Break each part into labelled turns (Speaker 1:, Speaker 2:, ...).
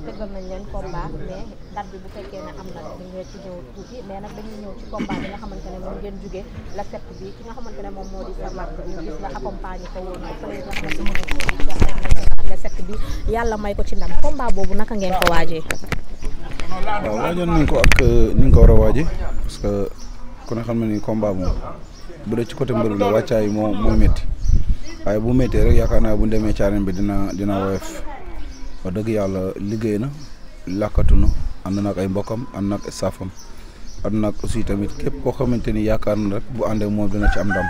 Speaker 1: tëggal bi yàlla may ko ci ndam combat boobu naka ngeen ko waajee
Speaker 2: waaw waajoon nañ ko ak euh, ni ko war a waajee parce que ku a xam na ni combat moom bu dee ci côté mbër la wàccaay moo moo métti waaye bu méttee rek yaakaar naa bu demee ci bi dina dina woyof wax dëgg yàlla liggéey na làkkatu na ànd na ak ay mbokkam ànd na ak saafam ànd na ak aussi tamit képp koo xamante ni yaakaar na rek bu àndee moom dina ci am ndam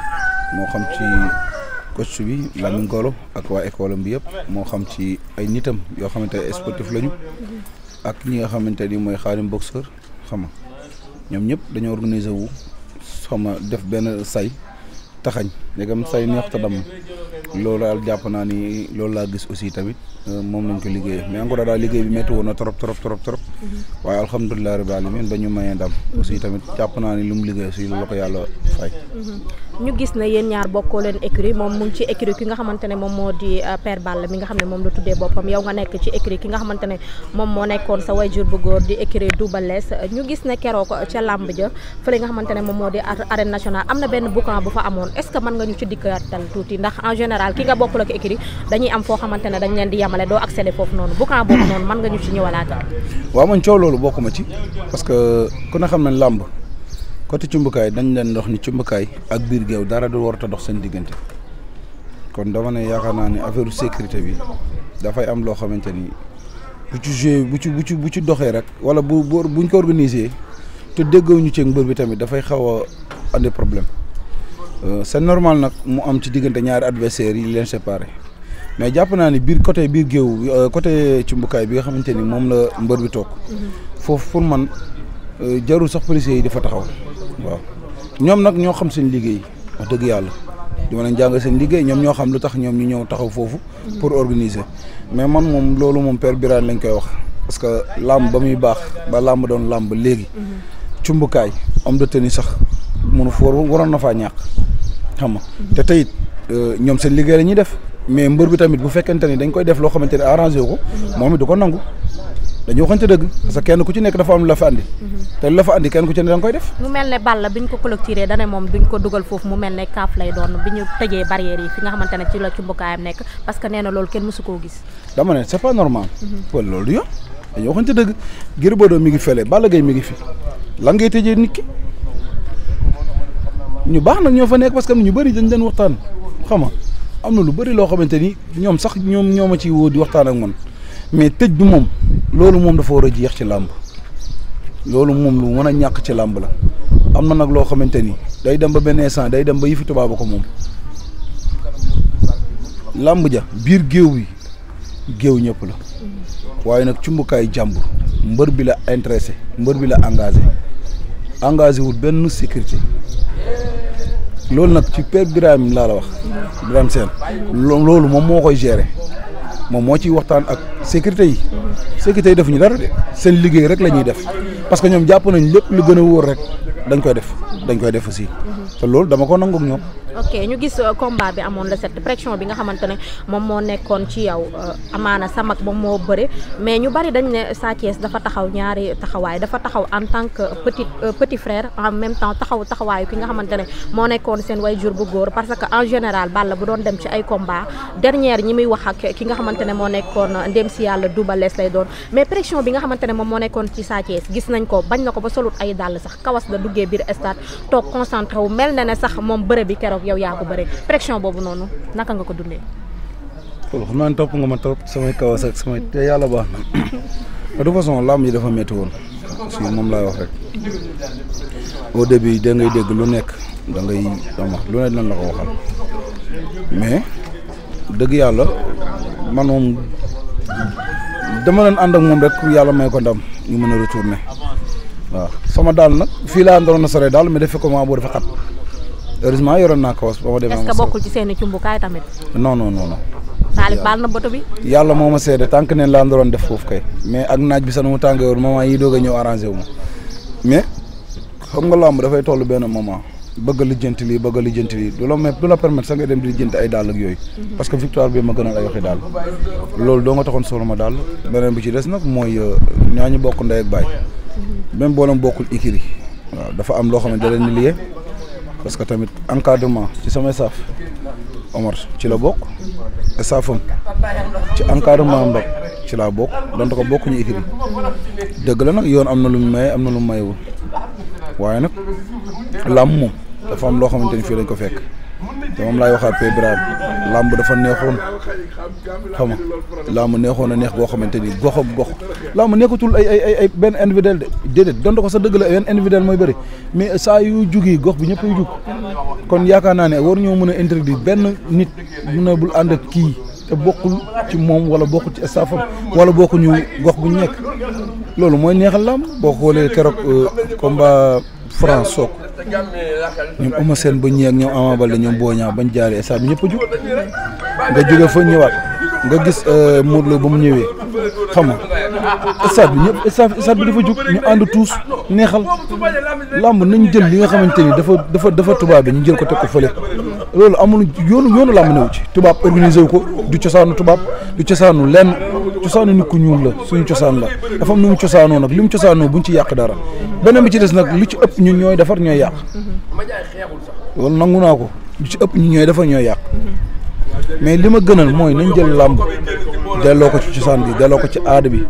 Speaker 2: moo xam ci coach bi Lamine Golo ak waa école am bi yëpp moo xam ci ay nitam yoo xamante ne sportif lañu ak ñi nga xamante ni mooy xaarim boxeur xam nga ñoom ñëpp dañoo organiser wu xam nga def benn say taxañ léegam say neex ta damm loolu daal jàpp naa ni loolu laa gis aussi tamit euh, moom lañ ko liggéey mais encore daal liggéey bi métti woon na trop trop trop trop mhm. waaye alhamdulilah rabbi alamin ba ñu mayee ndam aussi tamit jàpp naa ni lu mu liggéey aussi loolu la ko yàlla fay
Speaker 1: mhm. ñu gis moom mu ngi ci écurie ki nga xamante ne moom moo di euh, Père Balla mi nga xam ne moom la tuddee boppam yow nga nekk ci écurie ki nga xamante ne moom moo nekkoon sa wayjur bu góor di écurie Double Less ñu gis ne keroog ca làmb ja fële nga xamante ne moom moo di arène nationale am na benn boucan bu fa amoon est-ce que mën nga ñu ci dikkatal tuuti ndax en général ki nga bokkul ak écrit dañuy am foo xamante ne dañ leen di yemale doo accéder foofu noonu bu kan boobu noonu mën nga ñu ci ñëwalaatal
Speaker 2: waaw man coow loolu ma ci parce que ku ne xam ne làmb côté cumbukaay dañ leen dox ni cumbukaay ak biir géew dara du warut a dox seen diggante kon dama ne yaakaar naa ne affaire sécurité bi dafay am loo xamante ni bu ci joué bu ci bu ci bu ci doxee rek wala bu buñ ko organisé te déggoo ñu ci mbër bi tamit dafay xaw a andi problème Euh, c'est normal nag mu am ci diggante ñaari adversaires yi leen séparé mais jàpp naa ni biir côté biir géew euh, côté ci bi nga xamante ni moom la mbër bi toog mhm. foofu pour man euh, jarul sax policiers yi dafa taxaw waaw nag ñoo xam seen liggéey wax dëgg yàlla dima leen jàngal seen liggéey ñoom ñoo xam lu tax ñoom ñu ñëw taxaw foofu mhm. pour organiser mais man moom loolu moom père Birane lañ koy wax parce que làmb ba muy baax ba làmb doon làmb léegi mhm. cumbukaay homme de tenue sax mënu foor waroon na faa ñàkk xam te tey euh, ñoom seen liggéey la def mais mbër bi tamit bu fekkente ni dañ koy def loo xamante ne arrangé ko moom it du ko nangu dañu waxante dëgg parce que kenn da nga koy def mu mi ngi fële Balla Gaye mi ngi fi lan ngay tëjee nit ki ñu baax nag ñoo fa nekk parce que ñu bëri dañ leen waxtaan xam nga am na lu bari loo xamante ni ñoom sax ñoom ñoo ma ciy woo di waxtaan ak man mais tëj bi moom loolu moom dafa war a jeex ci làmb loolu moom lu mën a ñàkk ci làmb la am na nag loo xamante ni day dem ba benn instant day dem ba yëfi tubaab ko moom làmb ja biir géew bi géew ñëpp la waaye nag cumbukaay jàmbur mbër bi la intéressé mbër bi la engagé engagé wul benn sécurité loolu nag ci père Birame laa la wax Birame Sène loolu moom moo koy gérer moom moo ciy waxtaan ak sécurité yi sécurité yi defuñu dara de seen liggéey rek la ñuy def parce que ñoom jàpp nañ lépp lu gën a wóor rek dañ koy def dañ koy def aussi te loolu dama ko nangu ñoom
Speaker 1: ok ñu gis euh, combat bi amoon la set pression bi nga xamante ne moom moo nekkoon ci yow euh, amaana sa mag moom moo bëre mais ñu bari dañ ne Sa dafa taxaw ñaari taxawaay dafa taxaw en tant que petit euh, petit frère en même temps taxaw taxawaayu ki nga xamante ne moo nekkoon seen waajur bu góor parce que en général Balla bu doon dem ci ay combat dernière ñi wax ak ki nga xamante ne moo nekkoon ndem si yàlla Double Less lay doon mais pression bi nga ne moom moo nekkoon ci Sa Thiès gis nañ ko bañ na ko ba solut ay dàll sax kawas la duggee biir stade toog concentré wu mel na ne sax moom bëre bi keroog keroog yow yaa ko bëre pression boobu noonu naka nga ko dundee.
Speaker 2: loolu xam naa ne topp nga ma trop samay kawas ak samay te yàlla baax na de toute façon làmb dafa métti woon moom laay wax rek au da dégg lu nekk da ngay dama lu ne ko waxal mais dëgg yàlla man moom dama leen ànd ak moom rek yàlla may ko ndam ñu mën a retourner waaw sama daal nag fii laa doon na sore daal mais dafa ko maa boo dafa xat heureusement yoroon naa kawas ba ma demee. est bokkul
Speaker 1: ci seen i tamit. non non non na bato
Speaker 2: yàlla moo ma seede tànk neen laa doon def foofu kay. mais ak naaj bi sax mu tàngee woon moment yii doog a mais xam nga làmb dafay toll benn moment bëgg a lijjanti bëgg a lijjanti lii la mais du la permettre nga dem di lijjanti ay dàll ak yooyu. Mhm. parce que victoire bi ma gënal ay waxi daal loolu doo nga taxoon solo ma daal beneen bi ci des nag mooy euh, ñaa ñu bokk ndey ak baay.
Speaker 3: Mhm.
Speaker 2: même boo leen bokkul ikiri waaw dafa am loo xam ne da leen di parce que tamit encadrement ci sama staff Omar ci la bokk staffam ci encadrement Mbacké ci laa bokk dont ko bokk ñu équipe dëgg la nag yoon am na lu mu am na lu mu waaye nag làmb moom dafa am loo xamante ni fii lañ ko fekk te moom laay waxaat Pébira
Speaker 3: làmb dafa neexoon xam nga
Speaker 2: làmb neexoon a neex boo xamante ni gox ak gox làmb nekkatul ay ay ay benn individuel de déedéet donte ko sa dëgg la benn individuel mooy bëri mais saa yu jugee gox bi ñëpp ay jug kon yaakaar naa ne war ñoo mën a interdire benn nit mën a bul ànd ak kii te bokkul ci moom wala bokkul ci staffam wala bokkuñu gox bu nekk loolu mooy neexal làmb boo koolee keroog euh, combat. franc soog ñoom Eumeu Sène ba ñëwee ak ñoom Ama Baldé ñoom Boy bañ jaaree stade bi ñëpp a jug nga jóge fa ñëwaat nga gis euh, Modou Lo ba mu ñëwee xam stade bi ñëpp stade bi dafa jug ñu ànd tous neexal làmb nañ jël li nga xamante ni dafa dafa dafa tubaab bi ñu jël ko teg ko fële loolu amul yoonu yoonu làmb newu ci tubaab organisé wu ko du cosaanu tubaab du cosaanu lenn cosaanu nit ku ñuul la suñu cosaan la dafa am nu cosaanoo nag li mu cosaanoo buñ ci yàq dara beneen bi ci des nag lu ci ëpp ñun ñooy defar ñooy yàq loolu nangu naa ko lu ci ëpp ñun ñooy defar ñooy yàq mais li ma gënal mooy nañ jël làmb delloo ko ci cosaan bi delloo ko ci aada bi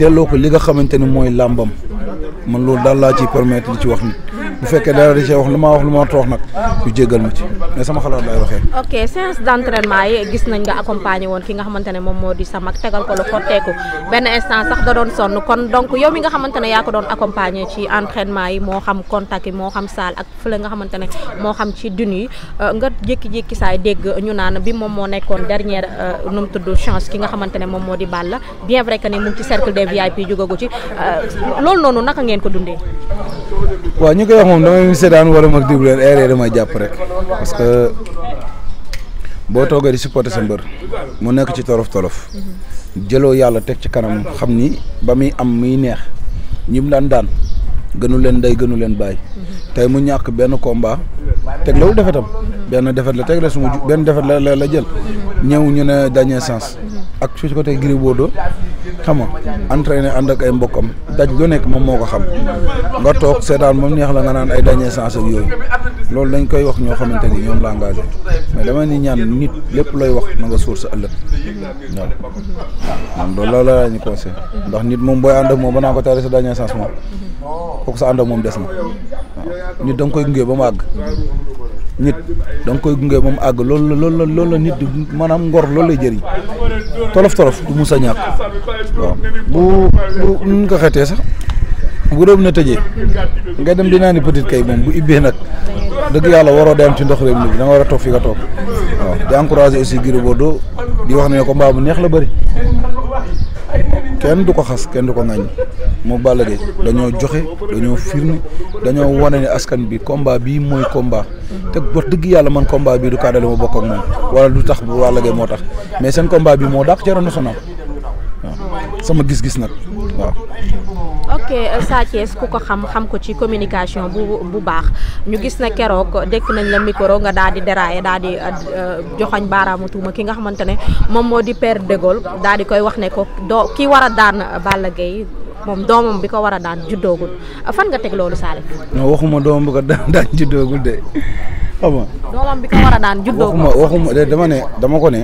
Speaker 2: delloo ko li nga xamante ni mooy làmbam man loolu daal laa ciy permettre li ci wax nit bu fekkee dara di ci wax lu ma wax lu ma war nag ñu jéggal ma ci mais sama xalaat lay waxee.
Speaker 1: ok séance d'entraînement yi gis nañ nga accompagner woon ki nga xamante ne moom moo di sa tegal ko lu benn instant sax doon sonn kon donc yow mi nga xamante ne yaa ko doon accompagner ci entraînement yi moo xam contact moo xam salle ak fële nga xamante ne moo xam ci dun yi euh, nga jékki-jékki dégg ñu naan bi moom moo nekkoon dernière euh, nu mu tudd chance ki nga xamante ne moom moo di Balla bien vrai que ni mu ngi ci cercle des VIP ci euh, loolu noonu naka ngeen ko dundee.
Speaker 2: waaw ñu koy wax moom damay seetaan wala mag déglu leen air damay jàpp rek parce que boo toogee di supporter sa mbër mu nekk ci tolof tolof jëloo yàlla teg ci kanam xam ni ba muy am muy neex ñim daan daan gënu leen day gënu leen bàyyi tey mu ñàkk benn combat teg lawul defetam benn defet la teg la suma benn defet la la jël ñëw ñu ne dernier sens ak su ko tey Gris Bordeaux xam nga entraîné ànd ak ay mbokkam daj lu nekk moom moo ko xam nga toog seetaan moom neex la nga naan ay dernier sens ak yooyu loolu dañ koy wax ñoo xamante ni ñoom la engagé mais dama ni ñaan nit lépp looy wax na nga suur sa ëllëg
Speaker 3: waaw
Speaker 2: man loolu la la ñu conseillé ndax nit moom booy ànd ak moom ba naa ko tari sa dernier sens moom kooku sa ànd ak moom des na waaw nit da nga koy gunge ba mu àgg nit da koy gunge moom àgg loolu loolu la loolu la nit di maanaam ngor loolu lay jëriñ
Speaker 4: tolof tolof du mus ñàkk waaw
Speaker 2: bu bu nu ko xetee sax bu réew mi na tëjee nga dem di naan petite kay moom bu ibbee nag dëgg yàlla waroo dem ci ndox réew mi da nga war a toog fi nga toog waaw di encouragé aussi Gris Bordeaux di wax ne ko mbaa bu neex la bari kenn du ko xas kenn du ko ŋaññi moo Balla Gaye dañoo joxe dañoo firni dañoo wane ne askan bi combat bii mooy komba te wax dëgg yàlla man combat bi du kaadali ma bokk ak moom wala du tax bu Balla Gaye moo tax mais seen combat bi moo dàq ci arène nationale sama gis-gis nag waaw.
Speaker 1: ok Sa Thiès ku ko xam xam ko ci communication bu bu baax ñu gis na keroog dekk nañ la micro nga daal di dérailler daal di euh, joxoñ baaraamu tuuma ki nga xamante ne moom moo di père de daal di koy wax ne ko doo ki war a daan Balla moom doomam bi ko war a daan juddoogul fan nga teg loolu Salif.
Speaker 2: non waxuma doomam bi ko de xam nga.
Speaker 1: war a daan juddoogul waxuma waxuma de
Speaker 2: dama ne ko ne.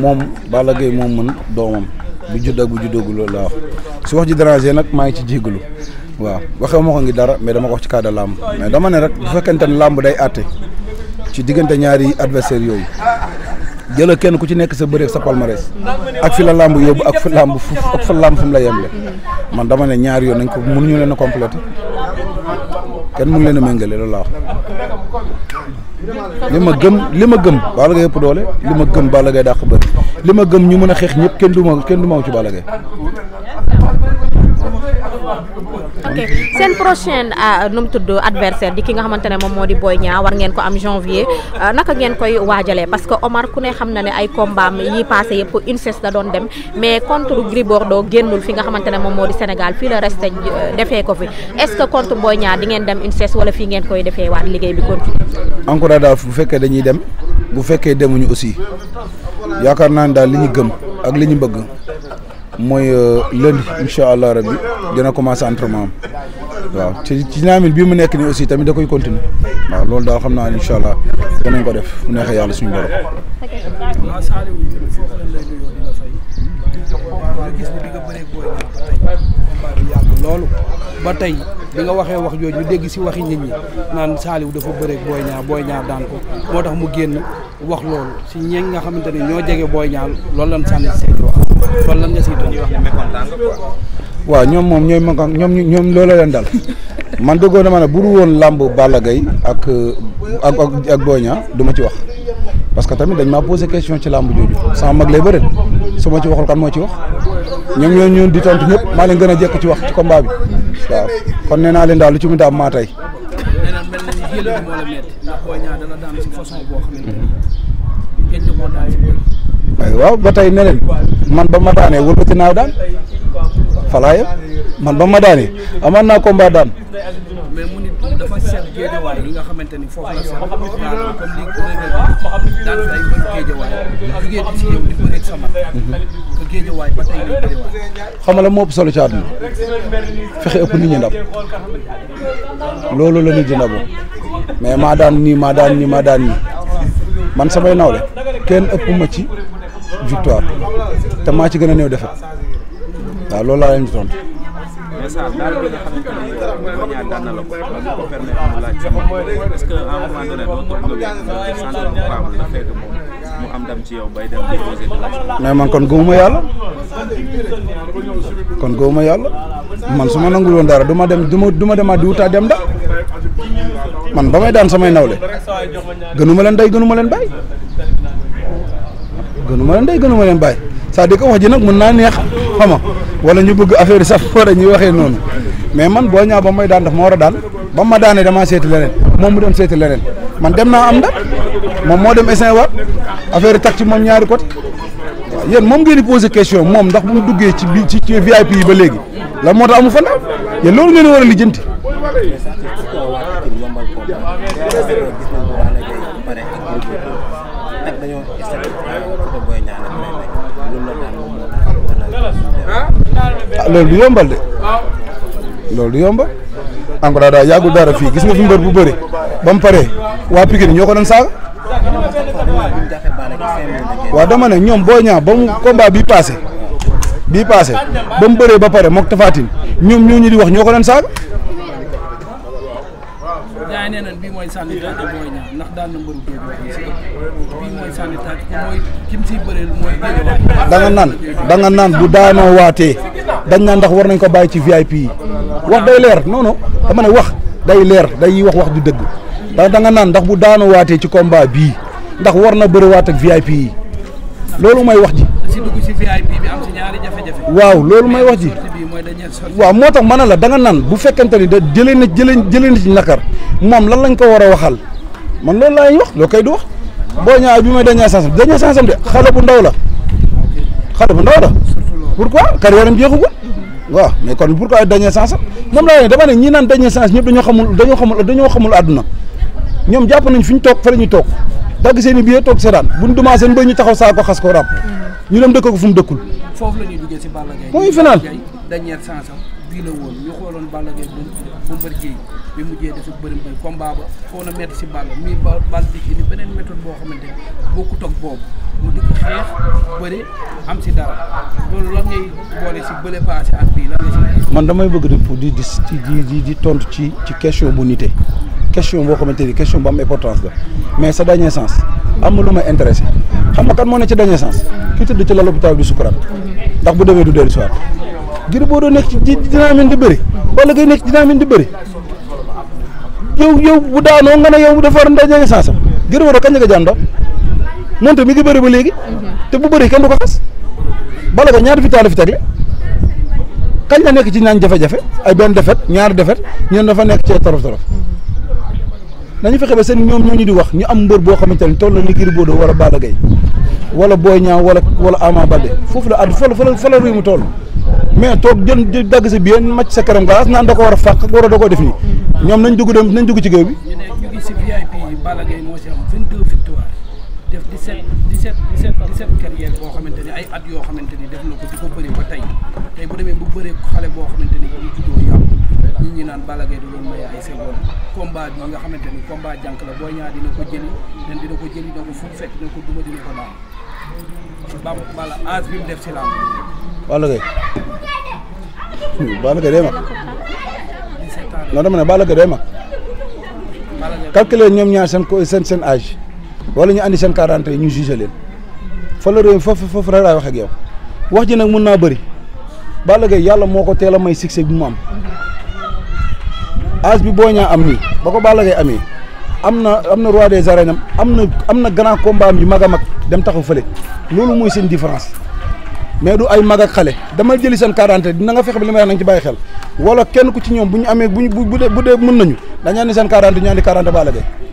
Speaker 2: moom Balla Gaye moom mën doomam bu bu juddoogul loolu laa wax su wax ji déranger nag maa ngi ci jégalu waaw waxee ma ko ngi dara mais dama ko wax ci cas de làmb mais dama ne rek bu fekkente ne làmb day àtte ci diggante ñaari adversaire yooyu jëla kenn ku ci nekk sa bëreeg sa palmarès ak fi la làmb yóbbu ak fi làmb fu ak fa làmb fu mu la yemle man dama ne ñaari yoon nañ ko mënuñu leen a complété
Speaker 3: kenn mënu leen a méngale loolu laa wax li ma gëm li ma gëm
Speaker 2: Balla Gaye yëpp doole li ma gëm Balla Gaye dàq bëri li ma gëm ñu mën a xeex ñëpp kenn du ma kenn du ma ci Balla Gaye
Speaker 1: ok seen prochain euh, nu mu tudd adversaire di ki nga xamante ne moom moo di Boy Niang war ngeen ko am janvier euh, naka ngeen koy waajalee parce que Omar ku ne xam na ne ay combat yi passé yëpp INSES da doon dem mais contre Gris Bordeaux génnul fi nga xamante ne moom moo di Sénégal fii la resté euh, defee ko fi est-ce Boy Niang di ngeen dem INSES wala fi ngeen koy defee waat liggéey bi continue
Speaker 2: encore daal bu fekkee dañuy dem bu fekkee demuñu aussi yaakaar naa ne li ñu gëm ak li ñu bëgg mooy euh, lundi incha allah rabbi dina commencé entraînement am waaw ci ci dynamique bii mu nekk nii aussi tamit da koy continuer waaw loolu daal xam naa ne incha allah danañ ko def u neexee yàlla suñu
Speaker 4: borom. ba tey. bi nga waxee wax jooju ñu dégg si waxi nit ñi naan Saliou dafa bëre Boy Niang Boy ñaar daan ko moo tax mu génn wax loolu si ñeeg nga xamante ni ñoo jege booy Niang loolu lan sànni si seen wax loolu lan nga siy doon
Speaker 1: wax
Speaker 2: waaw ñoom moom ñooy ma ñoom ñoom la leen daal man dëggoo man ne bu dul woon làmb Balla Gaye ak ak ak Boy Niang du ma ci wax parce que tamit dañ maa posé question ci làmb jooju sama mag lay bëre su ma ci waxul kan moo ci wax ñoom ñoo ñun di tontu ñëpp maa leen gën jekk ci wax ci bi kon nee naa leen daal lu ci mën a am maa waaw ba tey ne man ba ma daanee wëlbati naaw daan
Speaker 4: falaaya man ba ma amaan naa kombaa daan. mais mu dafa seet géejawaay nga xamante ni géejawaay ba tey
Speaker 2: lay la moo ëpp solo ci àdduna
Speaker 4: fexe ëpp nit ñi ndam
Speaker 2: loolu la nit di ndabu mais maa daan nii maa daan nii man samay nawle kenn ëpp ma ci victoire te maa ci gën a néew defet waaw loolu laa leen di
Speaker 4: bi am ndam ci yow bay dem mais man kon gëmuma yàlla
Speaker 2: kon gëmuma yàlla man su ma nangul woon dara du dem du ma du ma demaat dem da man ba may daan samay nawle gënuma leen day gënuma leen bay gënuma leen day gënuma leen bay c'est-à-dire que wax ji nag mën naa neex xama wala ñu bëgg affaire yi sax fara ñuy waxee noonu mais man boo ñaaw ba may daan daf ma war a daan ba ma daanee damaa seeti leneen moom mu dem seeti leneen man dem naa am ndam moom moo dem essayer waat affaire tax ci moom ñaari côté waaw moom ngeen di question moom ndax bu mu duggee ci bi ci VIP yi ba léegi la moo tax amu fa ndaw yéen loolu ngeen war a lijjanti.
Speaker 4: Ah, loolu du yombal de
Speaker 2: loolu du yombal encore daal yàggul dara fii gis nga fi mbër bu bëri
Speaker 3: ba mu paree waa Pikine ñoo ko doon saaga
Speaker 2: waa dama ñoom Boy Niang ba mu combat bii passé bii passé ba bëree ba pare mook Tapha ñoom ñoo ñu di wax ñoo ko doon saaga.
Speaker 4: yaa mooy sànni ndax daan na mbëru bii mooy naan da naan bu daanoo waatee dañ naan ndax war nañ
Speaker 2: ko bàyyi ci VIP yi wax day leer non non wax day leer day wax wax du dëgg da nga naan ndax bu daanoo waatee ci combat bii ndax war na bëriwaat ak VIP yi. loolu may wax ji.
Speaker 4: waaw loolu mooy wax ji. waaw moo tax man ne la
Speaker 2: da naan bu fekkente ni da jëlee na jëlee jëlee na ci nakar moom lan lañ ko war a waxal man loolu laay wax loo koy du wax. boo ñëwaat bi may dañaa sansam dañaa sansam de xale bu ndaw la xale bu ndaw la pourquoi carrière jeexu ko waa mais kon pourquoi dañee sansam moom laa ne dama ne ñi naan dañ dañee sans ñëpp dañoo xamul dañoo xamul dañoo xamul àdduna ñoom jàpp nañ fi ñu toog fa la ñuy toog dagg seen i billet toog seetaan buñ dumaa seen ba ñu taxaw saa ko xas ko ràpp mm. ñu dem dëkk ko fu mu dëkkul.
Speaker 4: foofu la ñuy duggee si Balla Gaye. ñu xooloon Balla Gaye ba Bombardier bi mujjee def bëri mbay combat ba foo ba Balla di indi beneen méthode boo xamante ne bokkut ak boobu mu dikk xeex bëri am si dara loolu lan ngay boole si bële passé ak bii la man
Speaker 2: damay bëgg di di tontu ci ci question bu nité question boo xamante ni question bu am importance la. mais sa dernier am amul lu ma intéressé xam nga kan moo ne ci dernier sens ki tëdd ci la lopitaal bi sukuraat ndax bu demee du dellu soir ngir boo doo nekk ci dynamique di bëri wala ngay nekk dynamique di bëri yow yow bu daanoo nga ne yow dafa war a dernier sens am ngir war a kañ nga jaan doom moonte mi ngi bëri ba léegi te bu bëri kenn du ko xas bala nga ñaari vitale fi tegle kañ la nekk ci naan jafe-jafe ay benn defet ñaari defet ñeen dafa nekk ci torof torof nañu fexe ba seen ñoom ñoo ñu di wax ñu am mbër boo xamante ne toll na ni Gris Bordeaux wala Balla Gaye wala Boy Niang wala wala Ama Baldé foofu la àdd fa fa la réew toll mais toog jën di dagg sa bien màcc sa karam glace naan da ko war a fàq war a da koo def nii ñoom nañ dugg dem nañ dugg ci géew bi.
Speaker 4: ne ñu ngi si VIP yi Balla Gaye moo si am xamante ni ay at yoo xamante ni def na ko di ko bëri ba tey bu demee bu bëree xale boo xamante ni bu nit ñi naan Balla Gaye da doon maye ay nga xamante ni combat jànk la Boy Niang dina ko jëli den dina ko jëli dina fekk ko duma dina ko daan ci bam Balla âge bi mu def si mag non dama ne
Speaker 2: Balla Gaye day mag calculer ñoom ñaar seen ko seen seen âge wala ñu andi seen quarante yi ñu jugé leen fa la réew foofu foofu rek laay wax ak yow wax ji nag mun naa bëri Balla yàlla moo ko teel a may succès bi mu am âge bi boo ñaa am nii ba ko Balla amee am na am na roi des arènes am na am na grand combat am yu mag a mag dem taxaw fële loolu mooy seen différence mais du ay mag ak xale dama jëli seen quarante dina fexe bi li may wax bàyyi xel wala kenn ku ci ñoom bu ñu amee bu ñu bu dee mën nañu dañu andi seen quarante ñu andi quarante Balla